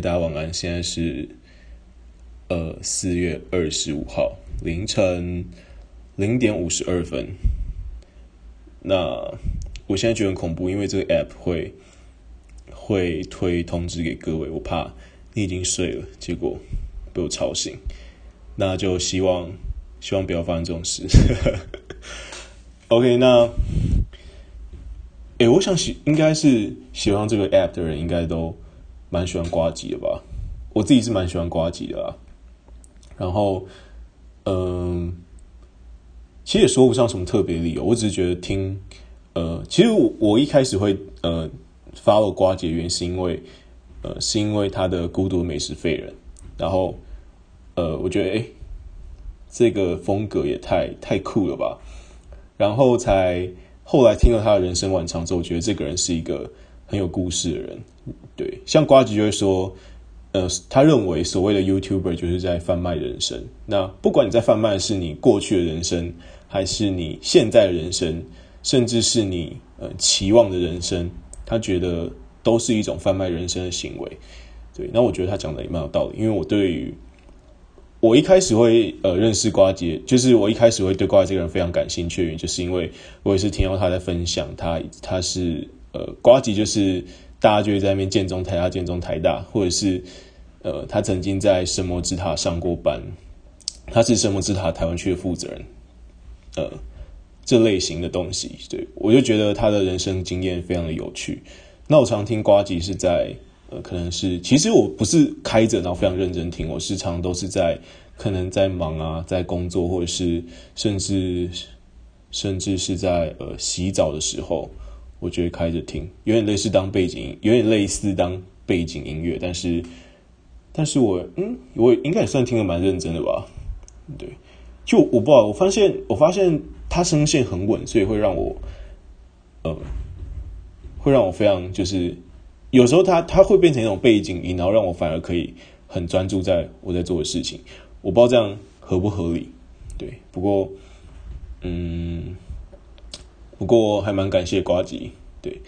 大家晚安，現在是呃四月二十五號凌晨零點五十二分。那我現在覺得很恐怖，因為這個 app 會會推通知給各位，我怕你已經睡了，結果被我吵醒。那就希望希望不要發生這種事。 OK，那哎，我想喜應該是喜歡這個 app 的人，應該都。蠻喜歡呱吉的吧，我自己是蠻喜歡呱吉的、啊。然後，嗯、呃，其實也說不上什麼特別理由，我只是覺得聽，呃，其實我我一開始會呃 follow 呱吉的原因，是因為呃是因為他的孤獨的美食廢人，然後呃我覺得誒、欸，這個風格也太太酷了吧，然後才後來聽了他的人生晚長之後，我覺得這個人是一個很有故事的人。對，像呱吉就會說，呃，他認為所謂的 YouTuber 就是在販賣人生。那不管你在販賣的是你過去的人生，還是你現在的人生，甚至是你呃期望的人生，他覺得都是一種販賣人生的行為。對，那我覺得他講的也蠻有道理，因為我對於我一開始會呃認識呱吉，就是我一開始會對呱吉這個人非常感興趣，就是因為我也是聽到他在分享他，他他是呃呱吉就是。大家就會在那邊建中、台大建中、台大，或者是，呃，他曾經在神魔之塔上過班，他是神魔之塔台灣區的負責人，呃，這類型的東西，對，我就覺得他的人生經驗非常的有趣。那我常聽呱吉是在，呃，可能是其實我不是開着然後非常認真聽，我時常都是在可能在忙啊，在工作，或者是甚至甚至是在呃洗澡的時候。我覺得開着聽，有點類似當背景音，有點類似當背景音樂，但是，但是我嗯，我應該也算聽得蠻認真的吧？對，就我不知道，我發現，我發現他聲線很穩，所以會讓我，嗯、呃，會讓我非常就是，有時候他他會變成一種背景音，然後讓我反而可以很專注在我在做的事情。我不知道這樣合不合理，對，不過，嗯。不過還蠻感謝呱吉，對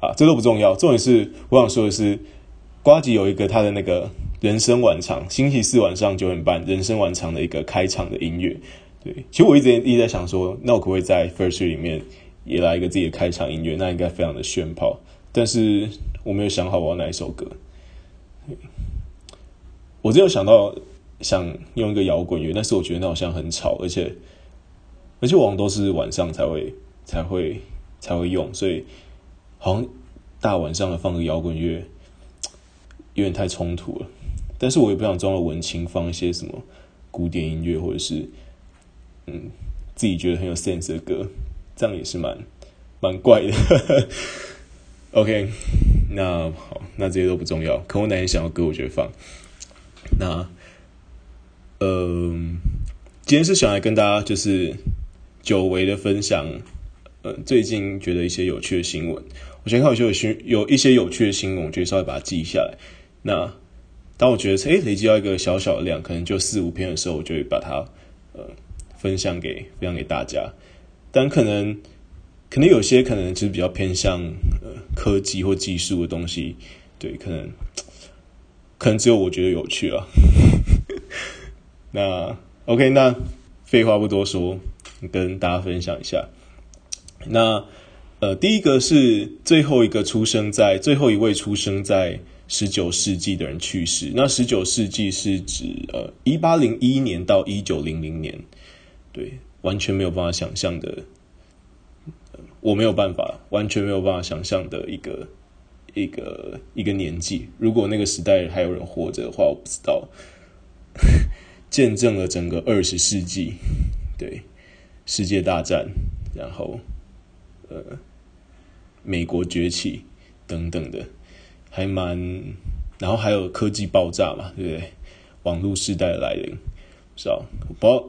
啊，這都不重要。重點是我想說的是，呱吉有一個他的那個人生晚場，星期四晚上九點半，人生晚場的一個開場的音樂。對，其實我一直一直在想說，那我可不可以在 Firstory 裡面也來一個自己的開場音樂？那應該非常的炫炮。但是我沒有想好我要哪一首歌。我只有想到想用一個搖滾樂，但是我覺得那好像很吵，而且而且往往都是晚上才會。才會才會用，所以好像大晚上的放個搖滾樂，有點太衝突了。但是我也不想裝了文青，放一些什麼古典音樂，或者是嗯自己覺得很有 sense 的歌，這樣也是蠻蠻怪的。 OK，那好，那這些都不重要，可我哪天想要歌，我就會放。那嗯、呃，今天是想來跟大家就是久違的分享。呃，最近覺得一些有趣的新聞，我先看有些有一些有趣的新聞，我就稍微把它記下來。那當我覺得哎、欸、累積到一個小小的量，可能就四五篇的時候，我就會把它呃分享給分享給大家。但可能可能有些可能就是比較偏向呃科技或技術的東西，對，可能可能只有我覺得有趣啊。 那 OK，那廢話不多說，跟大家分享一下。那，呃，第一個是最後一個出生在最後一位出生在十九世紀的人去世。那十九世紀是指呃，一八零一年到一九零零年，對，完全沒有辦法想象的，我沒有辦法，完全沒有辦法想象的一個一個一個年紀。如果那個時代還有人活着的話，我不知道。 見證了整個二十世紀，對，世界大戰，然後。呃，美國崛起等等的，還蠻，然後還有科技爆炸嘛，對不對？網絡時代的來臨，是吧？我不知道，我不知道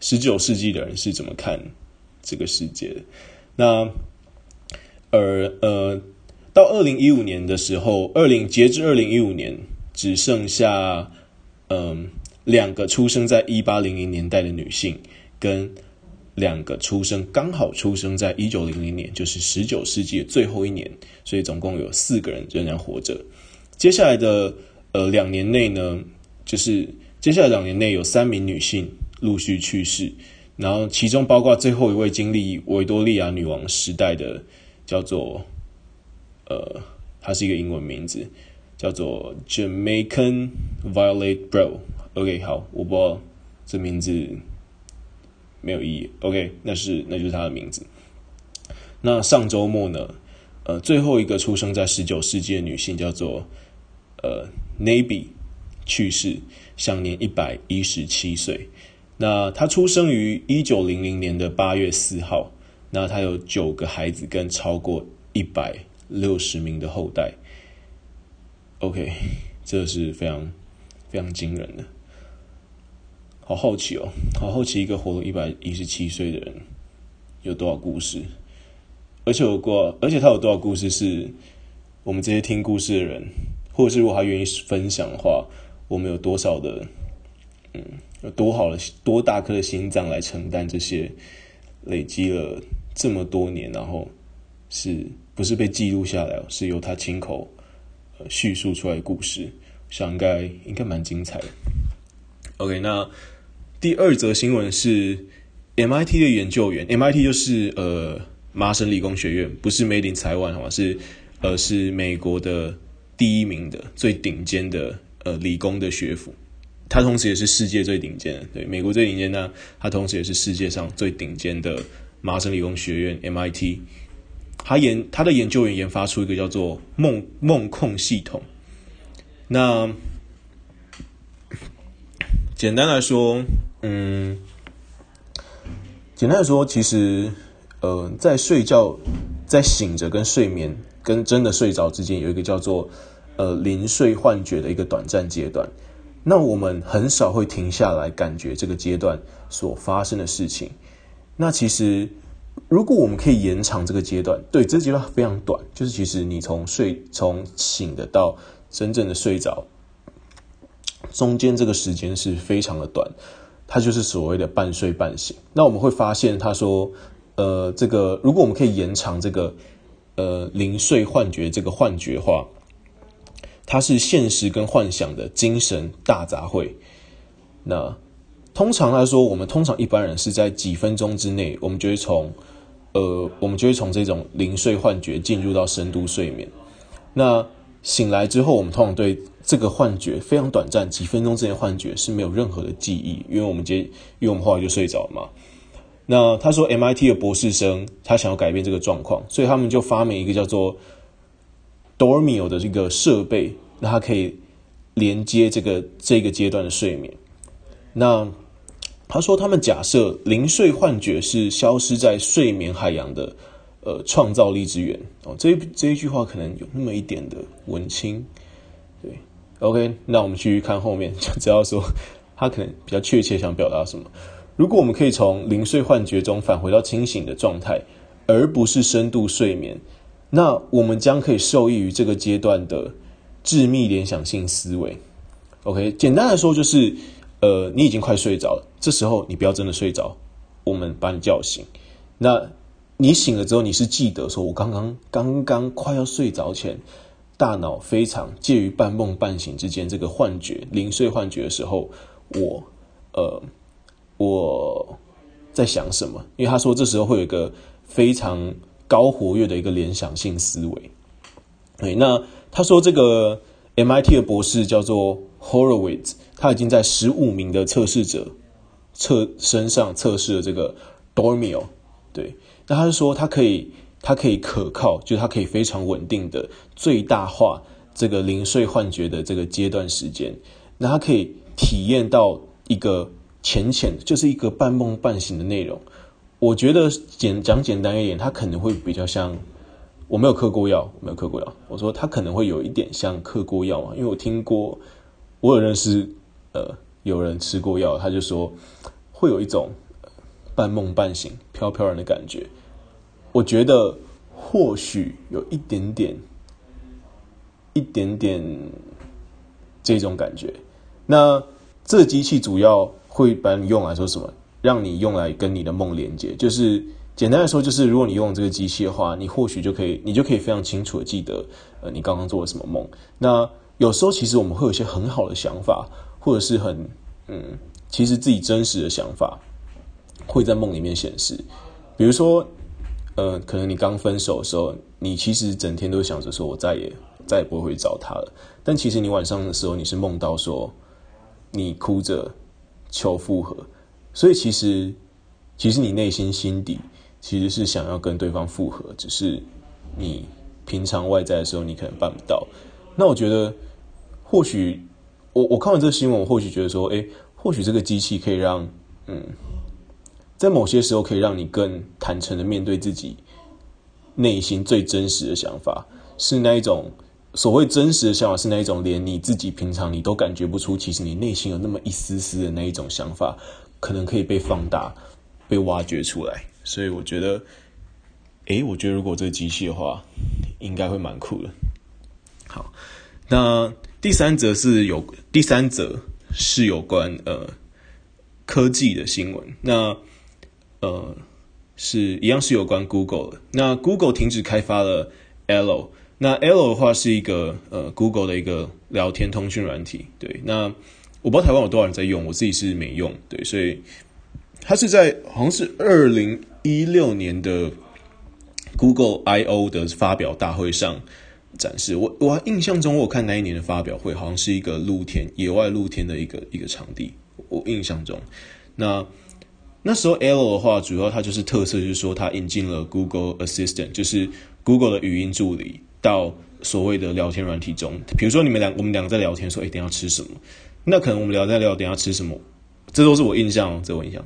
十九世紀的人是怎麼看這個世界的。那，而呃，到二零一五年的時候，二零截至二零一五年，只剩下嗯，呃，兩個出生在一八零零年代的女性跟。兩個出生剛好出生在一九零零年，就是十九世紀的最後一年，所以總共有四個人仍然活着。接下來的呃兩年內呢，就是接下來兩年內有三名女性陸續去世，然後其中包括最後一位經歷維多利亞女王時代的，叫做呃，它是一個英文名字，叫做 Jamaican Violet Bro. OK，好，我不知道這名字。沒有意義。OK，那是那就是他的名字。那上周末呢？呃，最後一個出生在十九世紀的女性叫做呃 Navy 去世，享年一百一十七歲。那她出生於一九零零年的八月四號。那她有九個孩子跟超過一百六十名的後代。OK，這是非常非常驚人的。好好奇哦，好好奇一個活了一百一十七歲的人有多少故事？而且我過，而且他有多少故事是我們這些聽故事的人，或者是如果他願意分享的話，我們有多少的，嗯，有多好的多大顆的心臟來承擔這些累積了這麼多年，然後是不是被記錄下來，是由他親口敘、呃、述出來的故事，我想應該應該蠻精彩的。OK，那。第二則新聞是 MIT 的研究員，MIT 就是呃麻省理工學院，不是 made in Taiwan，好是呃是美國的第一名的最頂尖的呃理工的學府，它同時也是世界最頂尖的，對，美國最頂尖的，它同時也是世界上最頂尖的麻省理工學院 MIT。他研他的研究員研發出一個叫做夢夢控系統，那簡單來說。嗯，簡單的說，其實，呃，在睡覺、在醒着跟睡眠、跟真的睡着之間，有一個叫做呃臨睡幻覺的一個短暫階段。那我們很少會停下來感覺這個階段所發生的事情。那其實，如果我們可以延長這個階段，對，這階段非常短，就是其實你從睡、從醒的到真正的睡着，中間這個時間是非常的短。他就是所謂的半睡半醒。那我們會發現，他說，呃，這個如果我們可以延長這個呃，臨睡幻覺這個幻覺的話，它是現實跟幻想的精神大雜燴。那通常來說，我們通常一般人是在幾分鐘之內，我們就會從呃，我們就會從這種臨睡幻覺進入到深度睡眠。那醒來之後，我們通常對這個幻覺非常短暫，幾分鐘之前幻覺是沒有任何的記憶，因為我們直接因為我們後來就睡着了嘛。那他說 MIT 的博士生他想要改變這個狀況，所以他們就發明一個叫做 Dormio 的這個設備，那它可以連接這個這個階段的睡眠。那他說他們假設零睡幻覺是消失在睡眠海洋的。呃，創造力之源哦，這一這一句話可能有那麼一點的文青。對，OK，那我們繼續看後面，就知道說他可能比較確切想表達什麼。如果我們可以從零碎幻覺中返回到清醒的狀態，而不是深度睡眠，那我們將可以受益於這個階段的致密聯想性思維。OK，簡單來說就是，呃，你已經快睡着了，這時候你不要真的睡着，我們把你叫醒。那你醒了之後，你是記得說我剛剛，我剛剛剛剛快要睡着前，大腦非常介於半夢半醒之間，這個幻覺、臨睡幻覺的時候，我，呃，我在想什麼？因為他說，這時候會有一個非常高活躍的一個聯想性思維。對，那他說這個 MIT 的博士叫做 Horowitz，他已經在十五名的測試者測身上測試了這個 Dormio，對。那他就說，他可以，他可以可靠，就是他可以非常穩定的最大化這個零碎幻覺的這個階段時間。那他可以體驗到一個淺淺，就是一個半夢半醒的內容。我覺得簡講簡單一點，他可能會比較像，我沒有嗑過藥，我沒有嗑過藥。我說他可能會有一點像嗑過藥啊，因為我聽過，我有認識呃有人吃過藥，他就說會有一種、呃、半夢半醒、飄飄然的感覺。我覺得或許有一點點，一點點這種感覺。那這機器主要會把你用來說什麼？讓你用來跟你的夢連接。就是簡單來說，就是如果你用這個機器的話，你或許就可以，你就可以非常清楚的記得，呃，你剛剛做了什麼夢。那有時候其實我們會有一些很好的想法，或者是很嗯，其實自己真實的想法會在夢裡面顯示。比如說。嗯，可能你剛分手的時候，你其實整天都想着說，我再也再也不會找他了。但其實你晚上的時候，你是夢到說，你哭着求復合。所以其實，其實你內心心底其實是想要跟對方復合，只是你平常外在的時候，你可能辦不到。那我覺得或，或許我我看完這個新聞，我或許覺得說，誒、欸，或許這個機器可以讓，嗯。在某些時候，可以讓你更坦誠的面對自己內心最真實的想法，是那一種所謂真實的想法，是那一種連你自己平常你都感覺不出，其實你內心有那麼一絲絲的那一種想法，可能可以被放大、被挖掘出來。所以我覺得，哎，我覺得如果這個機器的話，應該會蠻酷的。好，那第三則是有第三則是有關呃科技的新聞。那呃，是一樣是有關 Google 的。那 Google 停止開發了 Allo 那 Allo 的話是一個呃 Google 的一個聊天通訊軟體。對，那我不知道台灣有多少人在用，我自己是沒用。對，所以它是在好像是二零一六年的 Google I O 的發表大會上展示。我我印象中，我看那一年的發表會好像是一個露天野外露天的一個一個場地。我印象中，那。那時候，Allo 的話，主要它就是特色，就是說它引進了 Google Assistant，就是 Google 的語音助理到所謂的聊天軟體中。比如說，你們兩我們兩個在聊天，說：“哎、欸，等一下吃什麼？”那可能我們聊在聊天，等下吃什麼？這都是我印象，這我印象，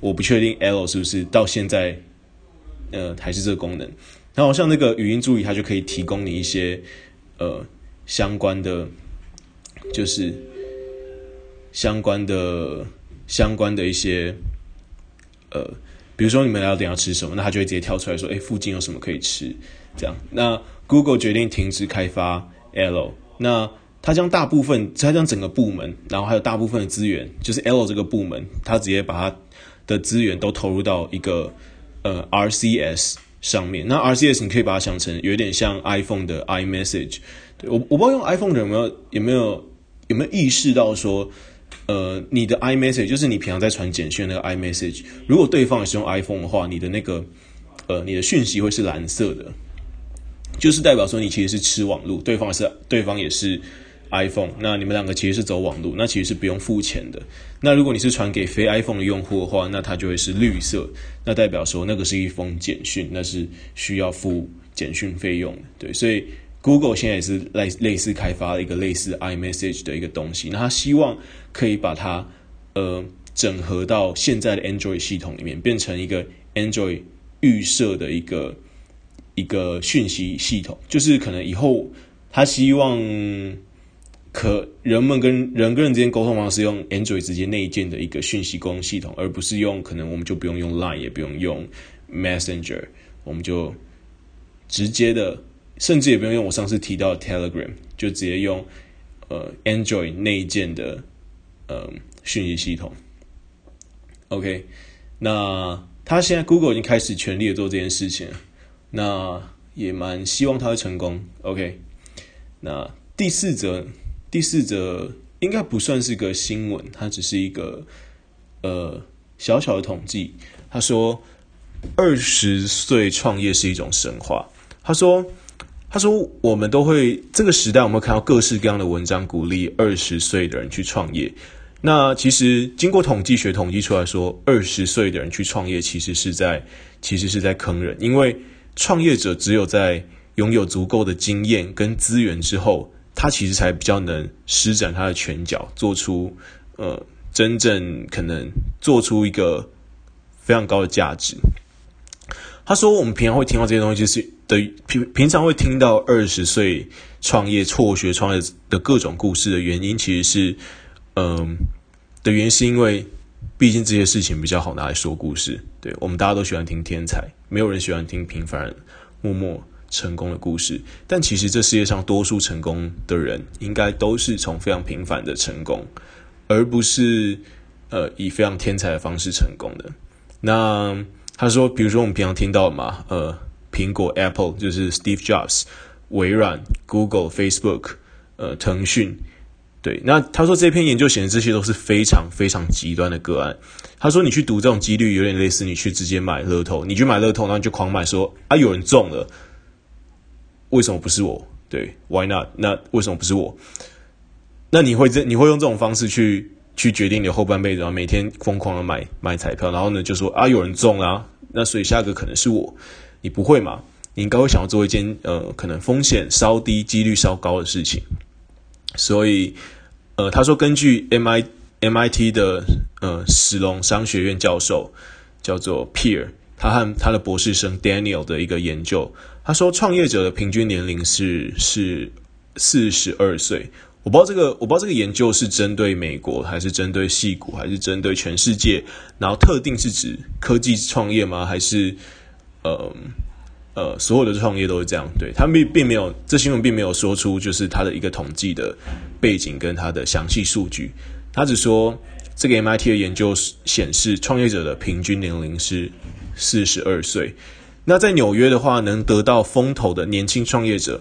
我不確定 Allo 是不是到現在，呃，還是這個功能。然後像那個語音助理，它就可以提供你一些呃相關的，就是相關的相關的一些。呃，比如說你們來到點要吃什麼，那他就會直接跳出來說，哎，附近有什麼可以吃，這樣。那 Google 決定停止開發 Allo，那他將大部分，他將整個部門，然後還有大部分的資源，就是 Allo 這個部門，他直接把他的資源都投入到一個呃 RCS 上面。那 RCS 你可以把它想成有點像 iPhone 的 iMessage。對我，我不知道用 iPhone 的有沒有有沒有有沒有意識到說。呃，你的 iMessage 就是你平常在傳簡訊那個 iMessage，如果對方也是用 iPhone 的話，你的那個呃，你的訊息會是藍色的，就是代表說你其實是吃網路，對方是，對方也是 iPhone，那你們兩個其實是走網路，那其實是不用付錢的。那如果你是傳給非 iPhone 的用戶的話，那它就會是綠色，那代表說那個是一封簡訊，那是需要付簡訊費用的。對，所以。Google 現在也是類類似開發了一個類似 iMessage 的一個東西，那他希望可以把它呃整合到現在的 Android 系統裡面，變成一個 Android 預設的一個一個訊息系統。就是可能以後他希望可人們跟人跟人之間溝通方式用 Android 直接內建的一個訊息溝通系統，而不是用，可能我們就不用用 Line 也不用用 Messenger，我們就直接的。甚至也不用用我上次提到的 Telegram，就直接用呃 Android 內建的嗯呃訊息系統。OK，那他現在 Google 已經開始全力的做這件事情，那也蠻希望他會成功。OK，那第四則第四則應該不算是個新聞，它只是一個呃小小的統計。他說二十歲創業是一種神話。他說。他說：“我們都會這個時代，我們看到各式各樣的文章鼓勵二十歲的人去創業。那其實經過統計學統計出來說，二十歲的人去創業，其實是在其實是在坑人。因為創業者只有在擁有足夠的經驗跟資源之後，他其實才比較能施展他的拳腳，做出呃真正可能做出一個非常高的價值。”他說：“我們平常會聽到這些東西，就是。”的平平常會聽到二十歲創業、輟學創業的各種故事的原因，其實是，嗯、呃，的原因是因為，畢竟這些事情比較好拿來說故事。對，我們大家都喜歡聽天才，沒有人喜歡聽平凡人默默成功的故事。但其實這世界上多數成功的人，應該都是從非常平凡的成功，而不是呃以非常天才的方式成功的。那他說，比如說我們平常聽到嘛，呃。蘋果 Apple 就是 Steve Jobs，微軟 Google Facebook，呃，騰訊。對，那他說這篇研究顯示這些都是非常非常極端的個案。他說你去讀這種幾率，有點類似你去直接買樂透，你去買樂透，然後就狂買說，說啊有人中了，為什麼不是我？對，Why not？那為什麼不是我？那你會這你會用這種方式去去決定你的後半輩子，然後每天瘋狂的買買彩票，然後呢就說啊有人中了、啊，那所以下個可能是我。你不會嘛？你應該會想要做一件呃，可能風險稍低、幾率稍高的事情。所以，呃，他說，根據 MIT 的呃史隆商學院教授叫做 Pierre，他和他的博士生 Daniel 的一個研究，他說，創業者的平均年齡是是四十二歲。我不知道這個我不知道這個研究是針對美國，還是針對矽谷，還是針對全世界？然後特定是指科技創業嗎？還是？呃呃，所有的創業都是這樣，對，他並並沒有這新聞並沒有說出就是他的一個統計的背景跟他的詳細數據，他只說這個 MIT 的研究顯示創業者的平均年齡是四十二歲，那在紐約的話，能得到風投的年輕創業者。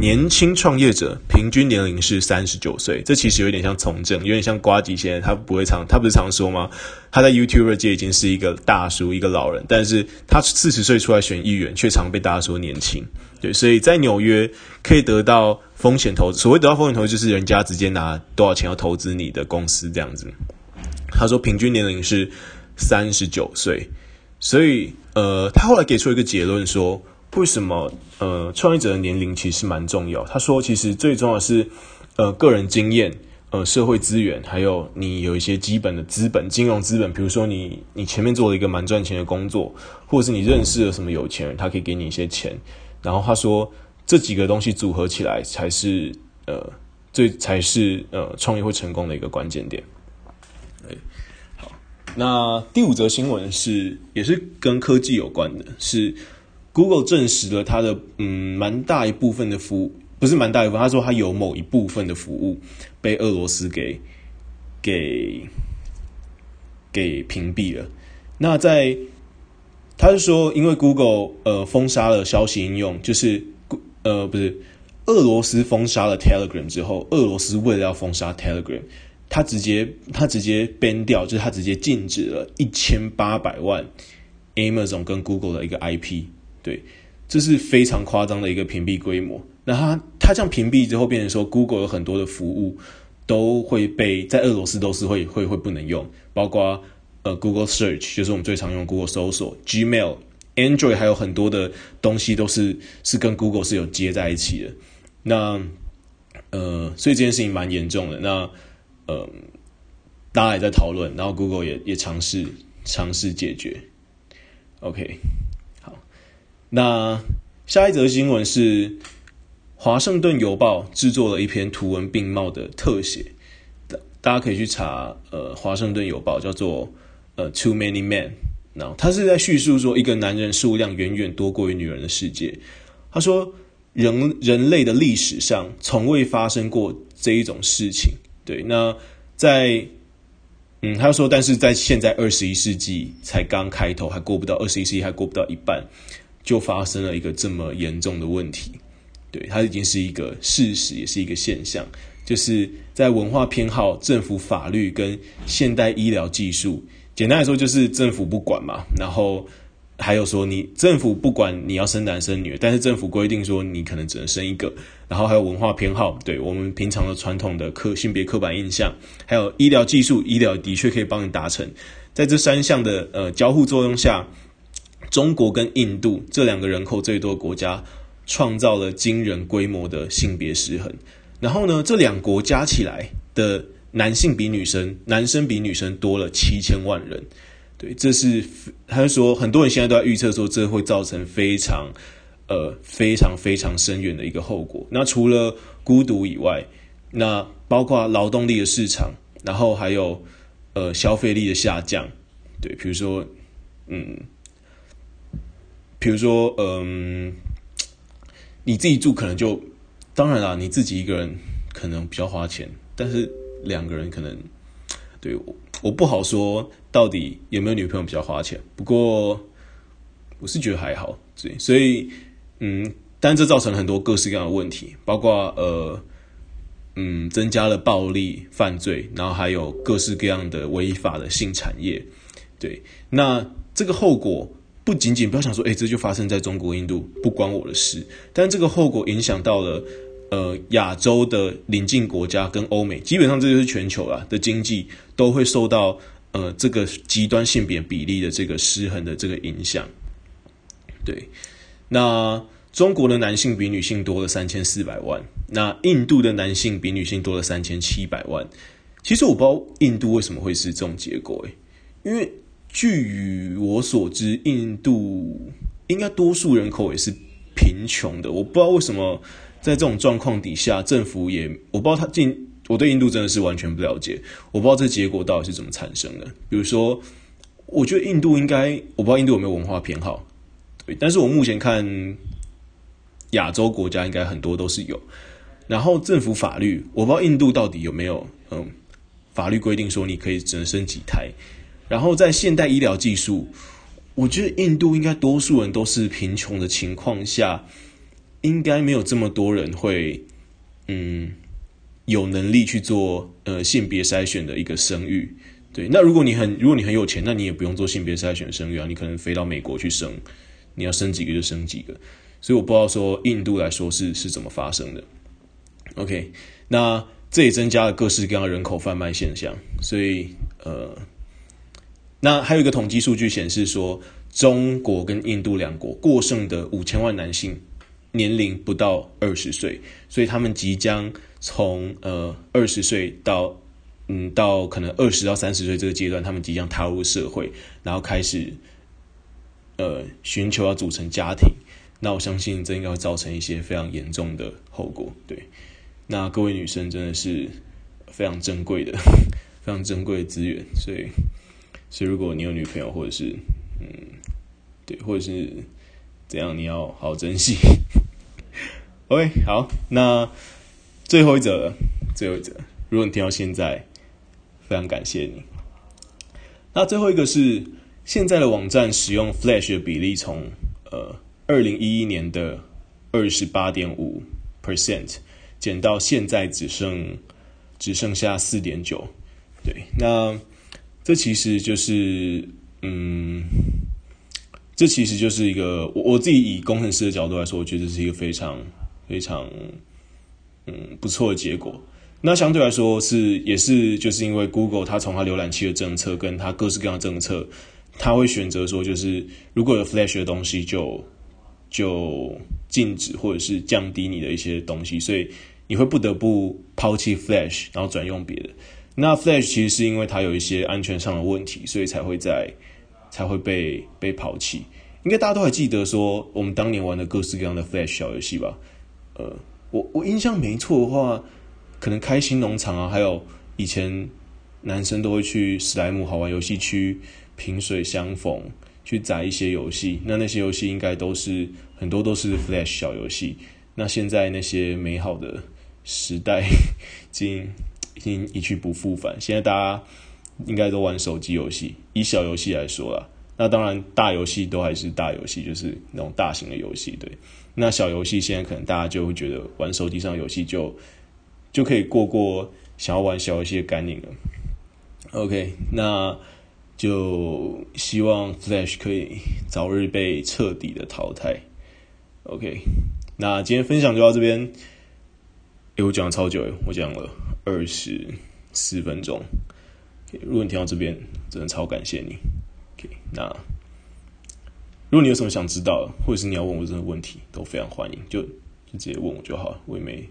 年輕創業者平均年齡是三十九歲，這其實有點像從政，有點像呱吉。現在他不會常，他不是常說嗎？他在 YouTuber 界已經是一個大叔，一個老人，但是他四十歲出來選議員，卻常被大家說年輕。對，所以在紐約可以得到風險投資，所謂得到風險投資，就是人家直接拿多少錢要投資你的公司這樣子。他說平均年齡是三十九歲，所以呃，他後來給出了一個結論說，為什麼？呃，創業者的年齡其實蠻重要。他說，其實最重要是，呃，個人經驗，呃，社會資源，還有你有一些基本的資本，金融資本。比如說你，你你前面做了一個蠻賺錢的工作，或者是你認識了什麼有錢人，他可以給你一些錢。然後他說，這幾個東西組合起來才是，呃，最才是呃，創業會成功的一個關鍵點。哎，好，那第五則新聞是也是跟科技有關的，是。Google 證實了他的嗯，蠻大一部分的服務，不是蠻大一部分，他說他有某一部分的服務被俄羅斯給給給屏蔽了。那在他是說，因為 Google 呃封殺了消息應用，就是呃不是俄羅斯封殺了 Telegram 之後，俄羅斯為了要封殺 Telegram，他直接他直接 ban 掉，就是他直接禁止了一千八百萬 Amazon 跟 Google 的一個 IP。對，這是非常誇張的一個屏蔽規模。那它它這樣屏蔽之後，變成說，Google 有很多的服務都會被在俄羅斯都是會會會不能用，包括呃，Google Search 就是我們最常用 Google 搜索，Gmail，Android 還有很多的東西都是是跟 Google 是有接在一起的。那呃，所以這件事情蠻嚴重的。那嗯、呃，大家也在討論，然後 Google 也也嘗試嘗試解決。OK。那下一則新聞是《華盛頓郵報》制作了一篇圖文並茂的特寫，大大家可以去查。呃，《華盛頓郵報》叫做呃《Too Many Men》，然後他是在敘述說一個男人數量遠遠多過於女人的世界。他說人，人人類的歷史上從未發生過這一種事情。對，那在嗯，他說，但是在現在二十一世紀才剛開頭，還過不到二十一世紀，還過不到一半。就發生了一個這麼嚴重的問題，對，它已經是一個事實，也是一個現象。就是在文化偏好、政府法律跟現代醫療技術，簡單來說就是政府不管嘛，然後還有說你政府不管你要生男生女，但是政府規定說你可能只能生一個，然後還有文化偏好，對我們平常的傳統的刻性別刻板印象，還有醫療技術，醫療的確可以幫你達成，在這三項的呃交互作用下。中國跟印度這兩個人口最多的國家，創造了驚人規模的性別失衡。然後呢，這兩國加起來的男性比女生、男生比女生多了七千萬人。對，這是他就說，很多人現在都在預測說，這會造成非常呃非常非常深遠的一個後果。那除了孤獨以外，那包括勞動力的市場，然後還有呃消費力的下降。對，比如說嗯。比如說，嗯，你自己住可能就當然啦，你自己一個人可能比較花錢，但是兩個人可能，對我我不好說到底有沒有女朋友比較花錢。不過我是覺得還好，對，所以所以嗯，但這造成了很多各式各樣的問題，包括呃嗯，增加了暴力犯罪，然後還有各式各樣的違法的性產業，對，那這個後果。不僅僅不要想說，哎、欸，這就發生在中國、印度，不關我的事。但這個後果影響到了，呃，亞洲的鄰近國家跟歐美，基本上這就是全球了、啊、的經濟都會受到，呃，這個極端性別比例的這個失衡的這個影響。對，那中國的男性比女性多了三千四百萬，那印度的男性比女性多了三千七百萬。其實我不知道印度為什麼會是這種結果、欸，誒，因為。據我所知，印度應該多數人口也是貧窮的。我不知道為什麼在這種狀況底下，政府也，我不知道他進，我對印度真的是完全不了解。我不知道這結果到底是怎麼產生的。比如說，我覺得印度應該，我不知道印度有沒有文化偏好，對？但是我目前看亞洲國家應該很多都是有。然後政府法律，我不知道印度到底有沒有嗯法律規定說你可以只能生幾胎。然後，在現代醫療技術，我覺得印度應該多數人都是貧窮的情況下，應該沒有這麼多人會嗯有能力去做呃性別篩選的一個生育。對，那如果你很如果你很有錢，那你也不用做性別篩選的生育啊，你可能飛到美國去生，你要生幾個就生幾個。所以我不知道說印度來說是是怎麼發生的。OK，那這也增加了各式各樣的人口販賣現象，所以呃。那還有一個統計數據顯示說，中國跟印度兩國過剩的五千萬男性年齡不到二十歲，所以他們即將從呃二十歲到嗯到可能二十到三十歲這個階段，他們即將踏入社會，然後開始呃尋求要組成家庭。那我相信這應該會造成一些非常嚴重的後果。對，那各位女生真的是非常珍貴的、非常珍貴的資源，所以。所以，如果你有女朋友，或者是，嗯，對，或者是怎樣，你要好好珍惜。 OK，好，那最後一則，最後一則，如果你聽到現在，非常感謝你。那最後一個是，現在的網站使用 Flash 的比例從呃二零一一年的二十八點五 percent 減到現在只剩只剩下四點九，對，那。這其實就是，嗯，這其實就是一個我我自己以工程師的角度來說，我覺得這是一個非常非常嗯不錯的結果。那相對來說是也是就是因為 Google 它從它瀏覽器的政策跟它各式各樣的政策，它會選擇說就是如果有 Flash 的東西就就禁止或者是降低你的一些東西，所以你會不得不拋棄 Flash，然後轉用別的。那 Flash 其實是因為它有一些安全上的問題，所以才會在才會被被拋棄。應該大家都還記得說，我們當年玩的各式各樣的 Flash 小遊戲吧？呃，我我印象沒錯的話，可能開心農場啊，還有以前男生都會去史萊姆好玩遊戲區萍水相逢去載一些遊戲。那那些遊戲應該都是很多都是 Flash 小遊戲。那現在那些美好的時代，已經。已經一去不復返。現在大家應該都玩手機遊戲，以小遊戲來說啦，那當然大遊戲都還是大遊戲，就是那種大型的遊戲。對，那小遊戲現在可能大家就會覺得玩手機上遊戲就就可以過過想要玩小遊戲的乾癮了。OK，那就希望 Flash 可以早日被徹底的淘汰。OK，那今天分享就到這邊。哎，欸，我講了超久，欸，我講了二十四分鐘。Okay, 如果你聽到這邊，真的超感謝你。Okay, 那如果你有什麼想知道，或者是你要問我任何問題，都非常歡迎，就就直接問我就好，我也沒，應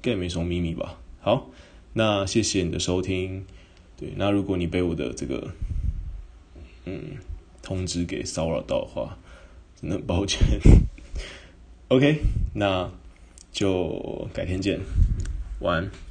該也沒什麼秘密吧。好，那謝謝你的收聽。對，那如果你被我的這個嗯通知給騷擾到的話，真的抱歉。 OK，那。就改天見，晚安。